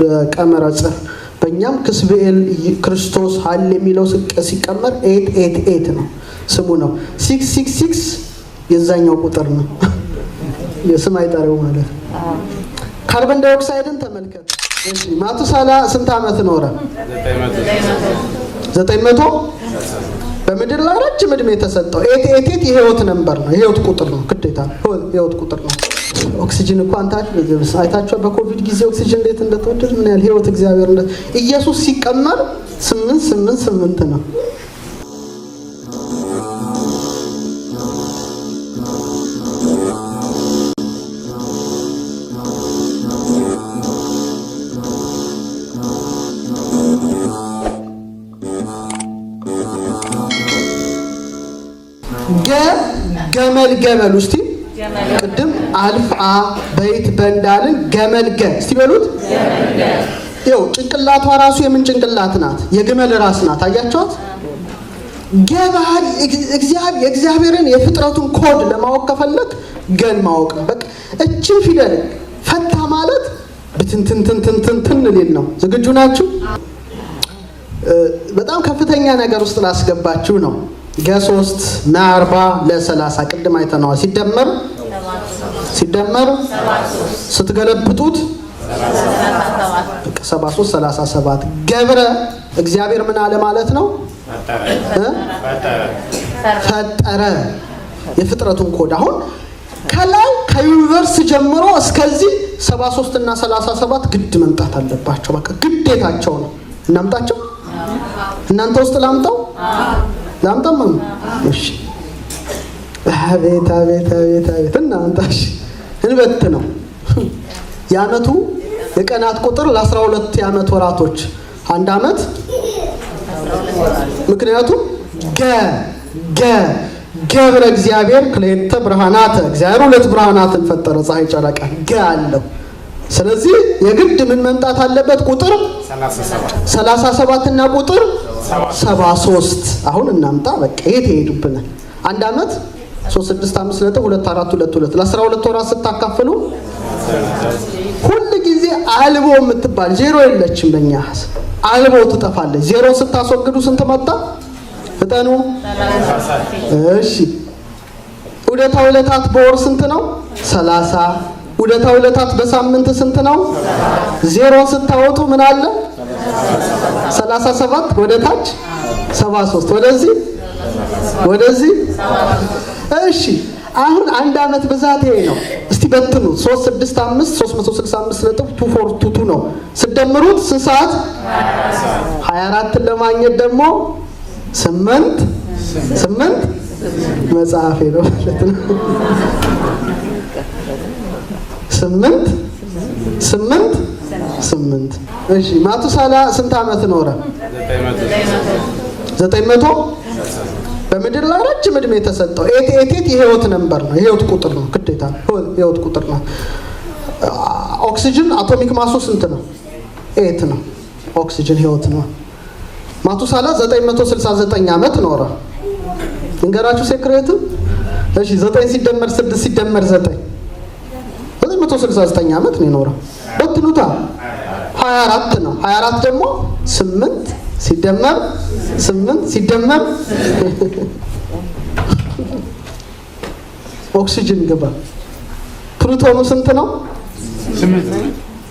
በቀመራ ጽር በእኛም ክስብኤል ክርስቶስ ሀል የሚለው ሲቀመር ኤት ኤት ኤት ነው ስሙ ነው። ሲክስ ሲክስ ሲክስ የዛኛው ቁጥር ነው። የስም አይጠሪው ማለት ነው። ካርበን ዳይኦክሳይድን ተመልከት። ማቱሳላ ስንት ዓመት ኖረ? ዘጠኝ መቶ በምድር ላይ ረጅም እድሜ የተሰጠው ኤቴት የህይወት ነንበር ነው፣ የህይወት ቁጥር ነው። ግዴታ የህይወት ቁጥር ነው። ኦክሲጅን እኮ አይታቸው በኮቪድ ጊዜ ኦክሲጅን እንዴት እንደተወደድ ምን ያህል ህይወት እግዚአብሔር እንደ ኢየሱስ ሲቀመር ስምንት ስምንት ስምንት ነው። ገመል ገመል ውስቲ ቅድም አልፍአ በይት በእንዳልን ገመልገ እስቲ በሉት። ይኸው ጭንቅላቷ ራሱ የምን ጭንቅላት ናት? የግመል ራስ ናት። አያቸዋት ገባህል የእግዚአብሔርን የፍጥረቱን ኮድ ለማወቅ ከፈለግ ገን ማወቅ በቃ እችን ፊደል ፈታ ማለት ብትንትንትንትንትን ሌል ነው። ዝግጁ ናችሁ? በጣም ከፍተኛ ነገር ውስጥ ላስገባችሁ ነው። ገሶስት መአርባ ለሰላሳ ቅድም አይተነዋ ሲደመር ሲደመር ስትገለብጡት ሰባ ሦስት ሰላሳ ሰባት ገብረ እግዚአብሔር ምን አለ ማለት ነው? ፈጠረ የፍጥረቱን ኮድ አሁን ከላይ ከዩኒቨርስ ጀምሮ እስከዚህ 73 እና ሰባት ግድ መምጣት አለባቸው። በቃ ግዴታቸው ነው። እናምጣቸው። እናንተ ውስጥ ላምጠው። ላምጣማ እሺ አቤት አቤት አቤት አቤት እናንተ እሺ እንበት ነው የአመቱ የቀናት ቁጥር ለአስራ ሁለት የአመት ወራቶች አንድ አመት ምክንያቱም ገ ገ ገብረ እግዚአብሔር ክሌተ ብርሃናተ እግዚአብሔር ሁለት ብርሃናትን ፈጠረ፣ ፀሐይ ጨረቃ። ገ አለው። ስለዚህ የግድ ምን መምጣት አለበት? ቁጥር ሰላሳ ሰባትና ቁጥር ሰባ ሶስት አሁን እናምጣ። በቃ የት ይሄዱብናል? አንድ አመት ሶስት ስድስት አምስት ነጥብ ሁለት አራት ሁለት ሁለት ለአስራ ሁለት ወራት ስታካፍሉ ሁል ጊዜ አልቦ የምትባል ዜሮ የለችም። በእኛ አልቦ ትጠፋለች። ዜሮ ስታስወግዱ ስንት መጣ? እጠኑ። እሺ ውለታ ውለታት በወር ስንት ነው? ሰላሳ ውለታ ውለታት በሳምንት ስንት ነው? ዜሮን ስታወጡ ምን አለ? 37 ወደ ታች 73 ወደዚህ ወደዚህ። እሺ አሁን አንድ አመት ብዛት ይሄ ነው። እስቲ በትኑ 365 365 ነጥብ 242 ነው። ስደምሩት ስንት ሰዓት? 24 ለማግኘት ደግሞ 8 8 መጽሐፌ ነው ማለት ነው። 8 8 ስምንት እሺ ማቱሳላ ስንት ዓመት ኖረ? ዘጠኝ መቶ በምድር ላይ ረጅም ዕድሜ የተሰጠው ኤት ኤት የህይወት ነንበር ነው። የህይወት ቁጥር ነው። ግዴታ የህይወት ቁጥር ነው። ኦክሲጅን አቶሚክ ማሱ ስንት ነው? ኤት ነው። ኦክሲጅን ህይወት ነው። ማቱሳላ 969 ዓመት ኖረ። እንገራችሁ ሴክሬቱ። እሺ 9 ሲደመር 6 ሲደመር 9 169 ዓመት ነው የኖረው። በትኑታ 24 ነው። 24 ደግሞ 8 ሲደመር 8 ሲደመር ኦክሲጅን ገባ። ፕሉቶኑ ስንት ነው?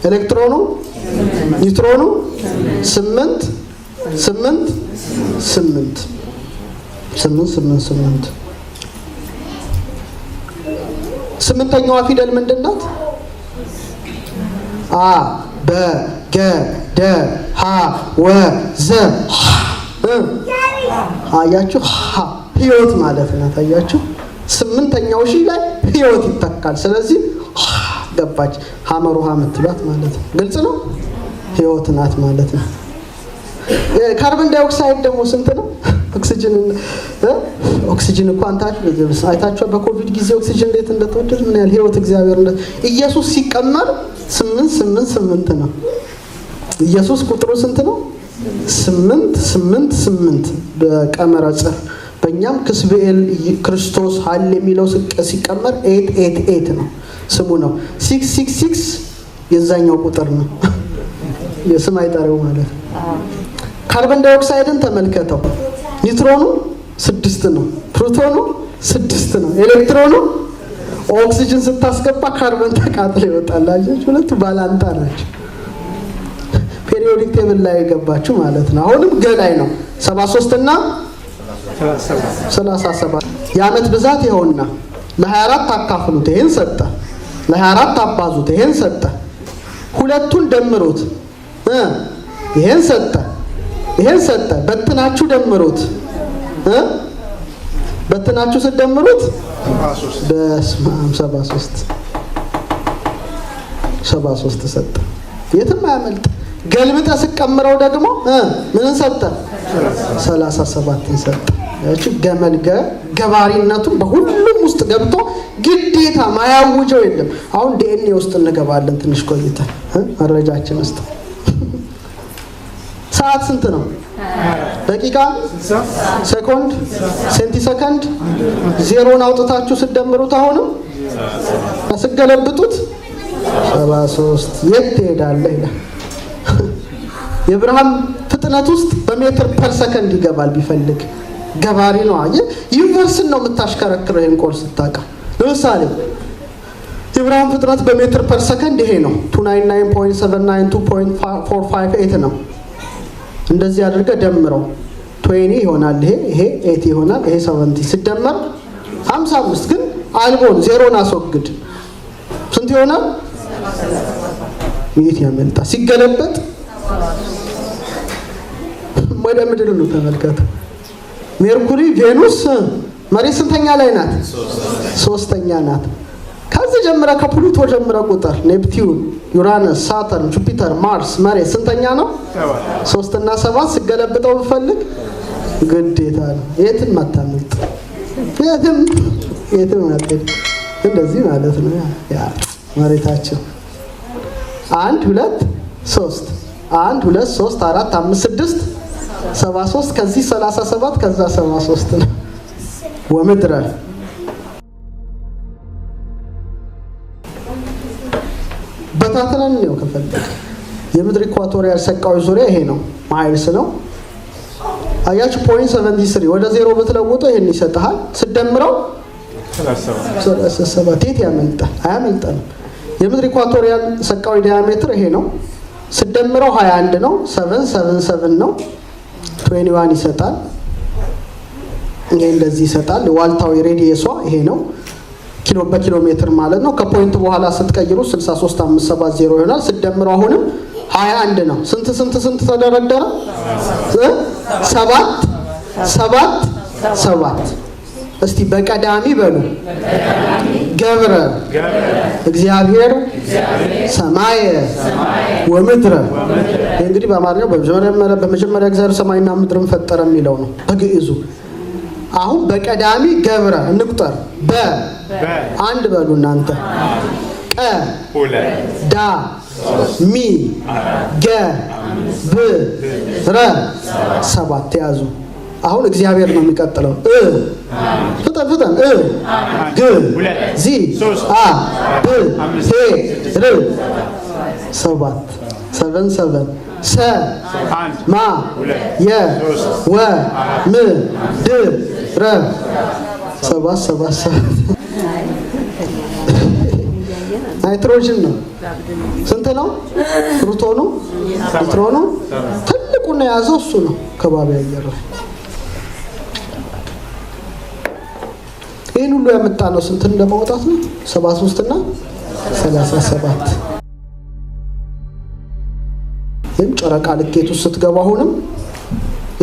ኤሌክትሮኑ ኒውትሮኑ ስምንት ስምንት ስምንት ስምንት ስምንት ስምንት ስምንተኛዋ ፊደል ምንድን ናት? አ በ ገ ደ ሀ ወ ዘ አያችሁ፣ ህይወት ማለት ናት። አያችሁ፣ ስምንተኛው ሺህ ላይ ህይወት ይተካል። ስለዚህ ገባች ውሃ የምትሏት ማለት ነው። ግልጽ ነው። ህይወት ናት ማለት ነው። ካርቦን ዳይኦክሳይድ ደግሞ ስንት ነው? ኦክሲጅን ኦክሲጅን እኮ አንታች አይታቸው በኮቪድ ጊዜ ኦክሲጅን እንዴት እንደተወደደ ምን ያህል ህይወት እግዚአብሔር ኢየሱስ ሲቀመር ስምንት ስምንት ስምንት ነው። ኢየሱስ ቁጥሩ ስንት ነው? ስምንት ስምንት ስምንት በቀመረ ጽር በእኛም ክስብኤል ክርስቶስ ሀል የሚለው ሲቀመር ኤት ኤት ኤት ነው ስሙ ነው። ሲክስ ሲክስ ሲክስ የዛኛው ቁጥር ነው የስም አይጠሪው ማለት ነው። ካርበን ዳይኦክሳይድን ተመልከተው። ኒውትሮኑ ስድስት ነው፣ ፕሮቶኑ ስድስት ነው፣ ኤሌክትሮኑ ኦክሲጅን ስታስገባ ካርበን ተቃጥሎ ይወጣል። አያችሁ፣ ሁለት ባላንጣ ናቸው። ፔሪዮዲክ ቴብል ላይ የገባችሁ ማለት ነው። አሁንም ገላይ ነው። 73 እና 37 የአመት ብዛት ይኸውና፣ ለ24 አካፍሉት ይሄን ሰጠ፣ ለ24 አባዙት ይሄን ሰጠ፣ ሁለቱን ደምሩት ይሄን ሰጠ ይሄን ሰጠ። በትናችሁ ደምሩት። በትናችሁ ስትደምሩት በስመ አብ ሰባ ሶስት ሰባ ሶስት ሰጠ። የትም አያመልጥ። ገልብጠ ስቀምረው ደግሞ ምንን ሰጠ? ሰላሳ ሰባትን ሰጠ። ያቺ ገመልገ ገባሪነቱን በሁሉም ውስጥ ገብቶ ግዴታ ማያውጀው የለም። አሁን ዲኤንኤ ውስጥ እንገባለን ትንሽ ቆይተን መረጃችን ውስጥ ሰዓት ስንት ነው? ደቂቃ፣ ሴኮንድ፣ ሴንቲ ሴኮንድ። ዜሮን አውጥታችሁ ስትደምሩት አሁንም ስገለብጡት ሰባ ሶስት የት ትሄዳለህ ይላል። የብርሃን ፍጥነት ውስጥ በሜትር ፐር ሰከንድ ይገባል ቢፈልግ ገባሪ ነው። አየ ዩኒቨርስን ነው የምታሽከረክረው። ይህን ቆል ስታውቀው ለምሳሌ የብርሃን ፍጥነት በሜትር ፐር ሰከንድ ይሄ ነው 299.792.458 ነው። እንደዚህ አድርገ ደምረው ቶኒ ይሆናል። ይሄ ይሄ ኤቲ ይሆናል። ይሄ ሰቨንቲ ሲደመር ሀምሳ አምስት ግን አልቦን ዜሮን አስወግድ ስንት ይሆናል? የት ያመልጣ ሲገለበጥ ወደ ምድር ነው። ተመልከቱ። ሜርኩሪ ቬኑስ መሬት ስንተኛ ላይ ናት? ሶስተኛ ናት። ከዚህ ጀምረ ከፕሉቶ ጀምረ ቁጥር ኔፕቲዩን፣ ዩራነስ፣ ሳተርን፣ ጁፒተር፣ ማርስ፣ መሬት ስንተኛ ነው? ሶስትና ሰባት ስገለብጠው ብፈልግ ግዴታ ነው። የትን ማታመልጥ የትም የትም እንደዚህ ማለት ነው። ያ መሬታችን አንድ ሁለት ሶስት አንድ ሁለት ሶስት አራት አምስት ስድስት ሰባ ሶስት ከዚህ ሰላሳ ሰባት ከዛ ሰባ ሶስት ነው ወምድረ ተከታተለን ነው ከፈለግ የምድር ኢኳቶሪያል ሰቃዊ ዙሪያ ይሄ ነው ማይልስ ነው። አያች ፖይንት 73 ወደ ዜሮ ብትለውጡ ይሄን ይሰጥሃል። ስደምረው ሰባት የት ያመልጣል? አያመልጠንም። የምድር ኢኳቶሪያል ሰቃዊ ዲያሜትር ይሄ ነው። ስደምረው 21 ነው። 777 ነው። 21 ይሰጣል። ይሄ እንደዚህ ይሰጣል። ዋልታዊ ሬዲየሷ ይሄ ነው። ኪሎ በኪሎ ሜትር ማለት ነው። ከፖይንት በኋላ ስትቀይሩ 63570 ይሆናል። ስደምሩ አሁንም 21 ነው። ስንት ስንት ስንት ተደረደረ? ሰባት ሰባት ሰባት። እስቲ በቀዳሚ በሉ ገብረ እግዚአብሔር ሰማየ ወምድረ። እንግዲህ በአማርኛው በመጀመሪያ እግዚአብሔር ሰማይና ምድርን ፈጠረ የሚለው ነው በግዕዙ አሁን በቀዳሚ ገብረ እንቁጠር። በ አንድ በሉ እናንተ። ቀ ዳ ሚ ገ ብ ረ ሰባት ተያዙ። አሁን እግዚአብሔር ነው የሚቀጥለው። እ ፍጠን ፍጠን እ ግ ዚ አ ብ ሄ ር ሰባት ሰቨን ሰቨን ሰ ማ የ ወ ም ድ ሰባት ሰባት ሰባት ናይትሮጅን ነው። ስንት ነው? ሩቶ ነው፣ ሊትሮ ነው። ትልቁን የያዘው እሱ ነው። ከባቢ አየር ላይ ይህን ሁሉ ያመጣ ነው። ስንትን ለማውጣት ነው? ሰባ ሶስት እና ሰላሳ ሰባት ይህም ጨረቃ ልኬቱ ስትገባ አሁንም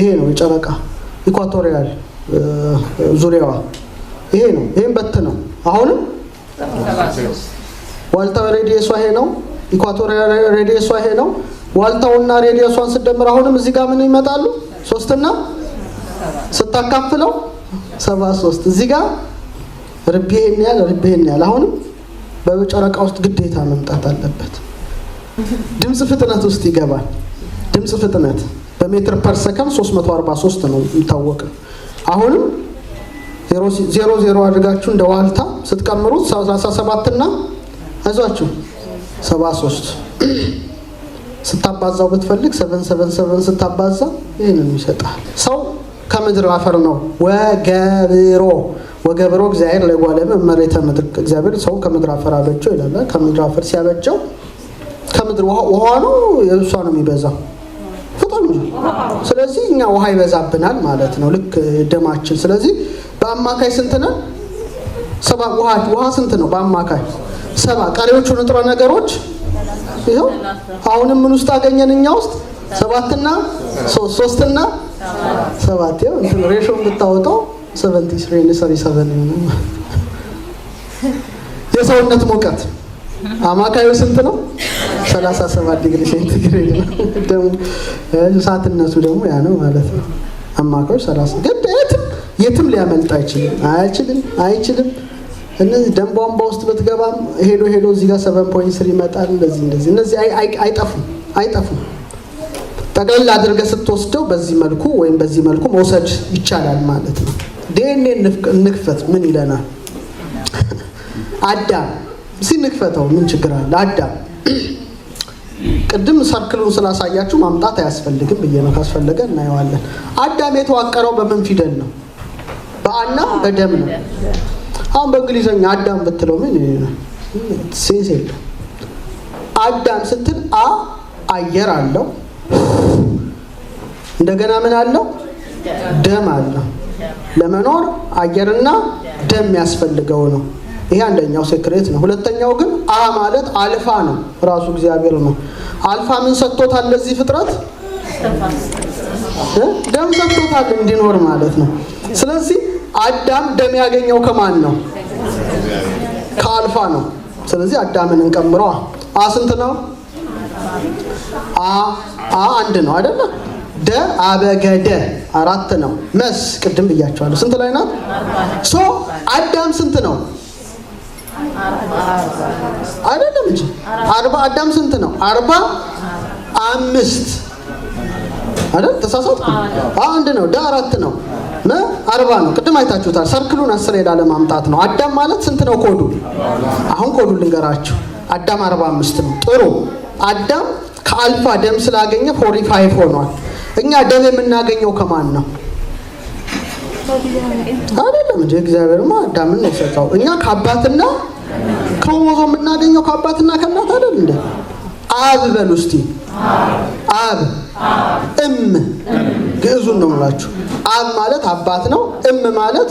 ይሄ ነው የጨረቃ ኢኳቶሪያል ዙሪያዋ ይሄ ነው። ይሄን በት ነው። አሁንም ዋልታው ሬዲየሷ ይሄ ነው። ኢኳቶሪያል ሬዲየሷ ይሄ ነው። ዋልታውና ሬዲየሷን ስደምር አሁንም እዚህ ጋር ምን ይመጣሉ? ሶስትና ስታካፍለው ሰባ ሶስት እዚህ ጋር ርቤ ይሄን ያህል ርቤ ይሄን ያህል አሁንም በጨረቃ ውስጥ ግዴታ መምጣት አለበት። ድምፅ ፍጥነት ውስጥ ይገባል። ድምፅ ፍጥነት በሜትር ፐር ሰከንድ 343 ነው የሚታወቀው። አሁንም ዜሮ ዜሮ አድርጋችሁ እንደ ዋልታ ስትቀምሩት ሰላሳ ሰባት እና አይዟችሁ ሰባ ሶስት ስታባዛው ብትፈልግ ሰቨን ሰቨን ሰቨን ስታባዛ ይህንን ይሰጣል። ሰው ከምድር አፈር ነው። ወገብሮ ወገብሮ እግዚአብሔር ለጓለም መሬተ ምድር እግዚአብሔር ሰው ከምድር አፈር አበጀው ይላል። ከምድር አፈር ሲያበጀው ከምድር ውሃ ነው የእሷ ነው የሚበዛው ስለዚህ እኛ ውሃ ይበዛብናል ማለት ነው፣ ልክ ደማችን። ስለዚህ በአማካይ ስንት ነን? ሰባ ውሃ ውሃ ስንት ነው በአማካይ? ሰባ ቀሪዎቹ ንጥረ ነገሮች ይኸው አሁንም ምን ውስጥ አገኘን? እኛ ውስጥ ሰባትና ሶስት ሶስትና ሰባት ያው እንትን ሬሾን ብታወጣው 73 ሰሪ 7 የሰውነት ሙቀት አማካዩ ስንት ነው? 37 ዲግሪ ሴንቲግሬድ ነው። ደግሞ እሳትነቱ ደግሞ ያ ነው ማለት ነው። አማካዩ 30 ግን የትም የትም ሊያመልጥ አይችልም፣ አይችልም፣ አይችልም። እነዚህ ደም ቧንቧ ውስጥ ብትገባም ሄዶ ሄዶ እዚህ ጋር 7.3 ይመጣል። እንደዚህ እንደዚህ እነዚህ አይጠፉም፣ አይጠፉም። ጠቅልል አድርገህ ስትወስደው በዚህ መልኩ ወይም በዚህ መልኩ መውሰድ ይቻላል ማለት ነው። ዲኤንኤ እንክፈት ምን ይለናል? አዳም ሲንክፈተው ምን ችግር አለ? አዳም ቅድም ሰርክሉን ስላሳያችሁ ማምጣት አያስፈልግም ብዬ ነው። ካስፈለገ እናየዋለን። አዳም የተዋቀረው በምን ፊደል ነው? በአና በደም ነው። አሁን በእንግሊዝኛ አዳም ብትለው ምን ሴንስ የለው። አዳም ስትል አ አየር አለው፣ እንደገና ምን አለው? ደም አለው። ለመኖር አየርና ደም ያስፈልገው ነው። ይሄ አንደኛው ሴክሬት ነው። ሁለተኛው ግን አ ማለት አልፋ ነው፣ ራሱ እግዚአብሔር ነው። አልፋ ምን ሰጥቶታል? ለዚህ ፍጥረት ደም ሰጥቶታል እንዲኖር ማለት ነው። ስለዚህ አዳም ደም ያገኘው ከማን ነው? ከአልፋ ነው። ስለዚህ አዳምን እንቀምረው። አ ስንት ነው? አ አ አንድ ነው አይደለ? ደ አበገደ አራት ነው። መስ ቅድም ብያቸዋለሁ። ስንት ላይ ናት? ሶ አዳም ስንት ነው? አይደለም እንጂ አርባ አዳም ስንት ነው? አርባ አምስት አይደል? ተሳሳትኩ። አንድ ነው ዳ አራት ነው አርባ ነው። ቅድም አይታችሁታል። ሰርክሉን አስር ሄዳ ለማምጣት ነው። አዳም ማለት ስንት ነው ኮዱ? አሁን ኮዱ ልንገራችሁ። አዳም አርባ አምስት ነው። ጥሩ አዳም ከአልፋ ደም ስላገኘ ፎርቲፋይቭ ሆኗል። እኛ ደም የምናገኘው ከማን ነው? አይደለም እንጂ እግዚአብሔርማ አዳምን ነው የሰጠው። እኛ ከአባትና ከወዞ የምናገኘው ከአባትና ከእናት አይደል እንደ አብ በሉ እስቲ አብ እም ግዕዙን ነው የምላችሁ። አብ ማለት አባት ነው። እም ማለት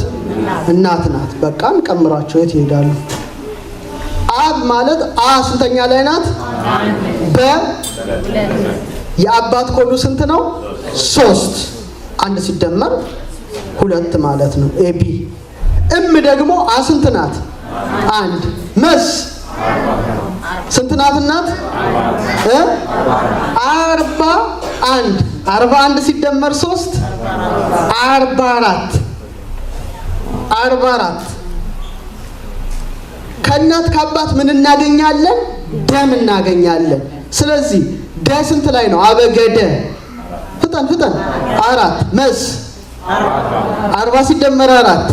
እናት ናት። በቃ እንቀምራቸው፣ የት ይሄዳሉ? አብ ማለት አ ስንተኛ ላይ ናት? በ የአባት ኮዱ ስንት ነው? ሶስት አንድ ሲደመር ሁለት ማለት ነው። ኤቢ እም ደግሞ አስንት ናት? አንድ መስ ስንት ናት እናት? አርባ አንድ አርባ አንድ ሲደመር ሶስት አርባ አራት አርባ አራት ከእናት ከአባት ምን እናገኛለን? ደም እናገኛለን። ስለዚህ ደ ስንት ላይ ነው? አበገደ ፍጠን ፍጠን አራት መስ አርባ ሲደመር አራት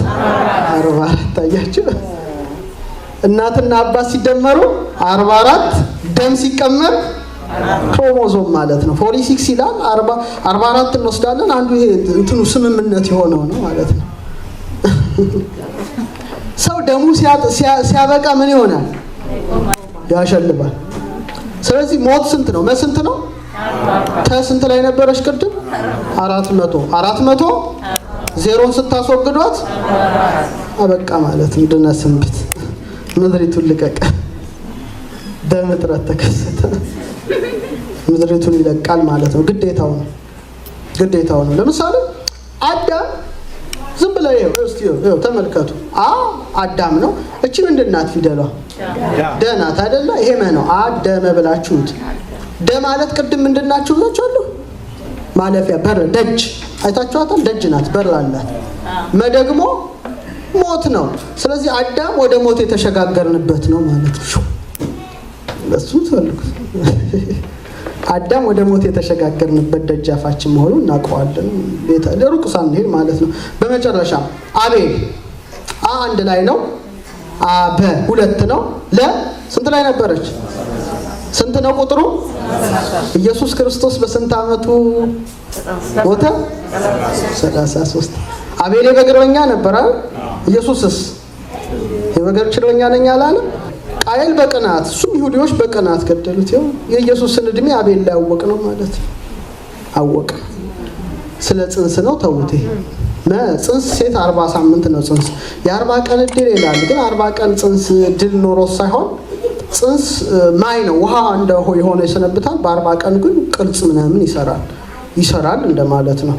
አርባ አራት አያችሁ። እናትና አባት ሲደመሩ አርባ አራት ደም ሲቀመር ክሮሞዞም ማለት ነው። ፎርቲ ሲክስ ይላል። አርባ አራት እንወስዳለን። አንዱ ይሄ እንትኑ ስምምነት የሆነው ነው ማለት ነው። ሰው ደሙ ሲያበቃ ምን ይሆናል? ያሸልባል። ስለዚህ ሞት ስንት ነው? መስንት ነው። ተስንት ላይ ነበረች ቅድም አራት መቶ አራት መቶ ዜሮን ስታስወግዷት አበቃ ማለት ነው። ስንብት ምድሪቱን ልቀቀ። ደም እጥረት ተከሰተ። ምድሪቱን ይለቃል ማለት ነው። ግዴታው ነው፣ ግዴታው ነው። ለምሳሌ አዳም ዝም ብለ ይኸው ተመልከቱ። አ አዳም ነው። እቺ ምንድን ናት? ፊደሏ ደናት አይደለ? ይሄ መ ነው። አደመ ብላችሁት ደ ማለት ቅድም ምንድናችሁ ናችሁ ብላችኋለሁ ማለፊያ በር ደጅ አይታችኋታል። ደጅ ናት፣ በር አላት። መደግሞ ሞት ነው። ስለዚህ አዳም ወደ ሞት የተሸጋገርንበት ነው ማለት ነው። እሱ አዳም ወደ ሞት የተሸጋገርንበት ደጃፋችን መሆኑን እናውቀዋለን። ሩቅ ሳንሄድ ማለት ነው። በመጨረሻ አቤል አ አንድ ላይ ነው፣ አበ ሁለት ነው። ለ ስንት ላይ ነበረች? ስንት ነው ቁጥሩ? ኢየሱስ ክርስቶስ በስንት ዓመቱ ሞተ? 33 አቤል የበግረኛ ነበር አይደል? ኢየሱስስ የበግር ችሎኛ ነኝ አላለም? ቃየል በቅናት እሱም ይሁዲዎች በቅናት ገደሉት። ይኸው የኢየሱስን እድሜ አቤል ላይ አወቅ ነው ማለት አወቀ። ስለ ጽንስ ነው ተውቴ ጽንስ ሴት አርባ ሳምንት ነው ጽንስ የአርባ ቀን እድል ይላል። ግን አርባ ቀን ጽንስ እድል ኖሮ ሳይሆን ጽንስ ማይ ነው ውሃ እንደ የሆነ ይሰነብታል። በአርባ ቀን ግን ቅርጽ ምናምን ይሰራል ይሰራል እንደማለት ነው።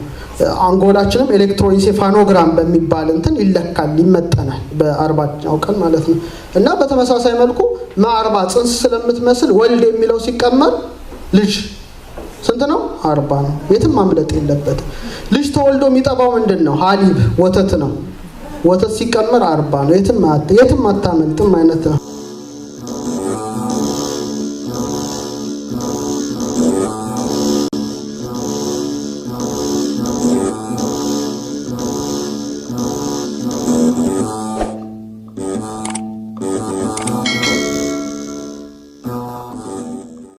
አንጎላችንም ኤሌክትሮኢንሴፋኖግራም በሚባል እንትን ይለካል ይመጠናል፣ በአርባኛው ቀን ማለት ነው። እና በተመሳሳይ መልኩ ማአርባ ጽንስ ስለምትመስል ወልድ የሚለው ሲቀመር ልጅ ስንት ነው? አርባ ነው። የትም ማምለጥ የለበትም። ልጅ ተወልዶ የሚጠባው ምንድን ነው? ሀሊብ ወተት ነው። ወተት ሲቀመር አርባ ነው። የትም አታመልጥም አይነት ነው።